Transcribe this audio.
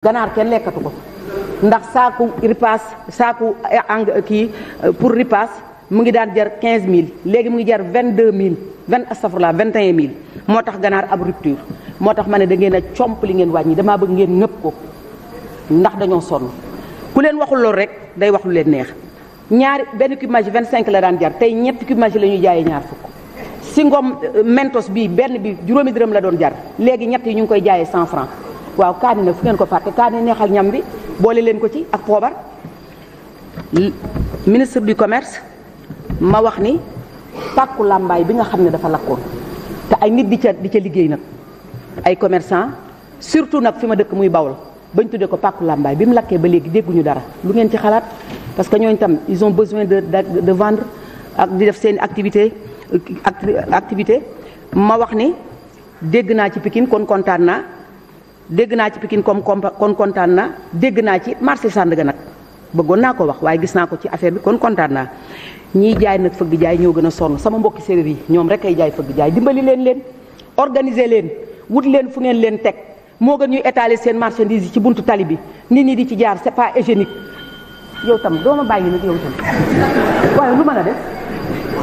ganaar kenn lekkatu ko ndax saaku ripaas saaku eh, ang eh, kii eh, pour ripaas mu ngi daan jar quinze mille léegi mu ngi jar vingt deux mille vingt astafurla vingt et mille moo tax ganaar ab rupture moo tax ma ne da a comp li ngeen wàññi damaa bëgg ngeen ñëpp ko ndax dañoo sonn ku leen waxul loolu rek day wax leen neex ñaari benn cube Maggi vingt cinq la daan jar tey ñetti cube Maggi la ñuy jaayee ñaar fukk si ngoom mentos bii benn bi juróomi dërëm la doon jar léegi ñett yi ñu ngi koy jaayee cent franc waaw kaani nag fu ngeen ko fàtte kaani neexal ñam bi boole leen ko ci ak foobar ministre du commerce ma wax ni pàkku làmbaay bi nga xam ne dafa lakkoon te ay nit di ca di ca liggéey nag ay commerçant surtout nag fi ma dëkk muy bawol bañ tuddee ko pàkku làmbaay bi mu lakkee ba léegi dégguñu dara lu ngeen ci xalaat parce que ñooñu tam ils ont besoin de de de vendre ak di def seen activité euh, activité ma wax ni dégg naa ci pikin kon kontaan naa dégg naa ci Pikine comme kon kontaan na dégg naa ci marché Sandaga nag bëggoon naa ko wax waaye gis naa ko ci affaire bi kon kontaan naa ñiy jaay nag fëgg jaay ñoo gën a sonn sama mbokki séeréer yi ñoom rek ay jaay fëgg jaay dimbali leen leen organiser leen wut leen fu ngeen leen teg moo gën ñuy étaler seen marchandise yi ci buntu tali bi nit ñi di ci jaar c'est pas hygiénique yow tam doo ma bàyyi nag yow tam waaye lu mën a def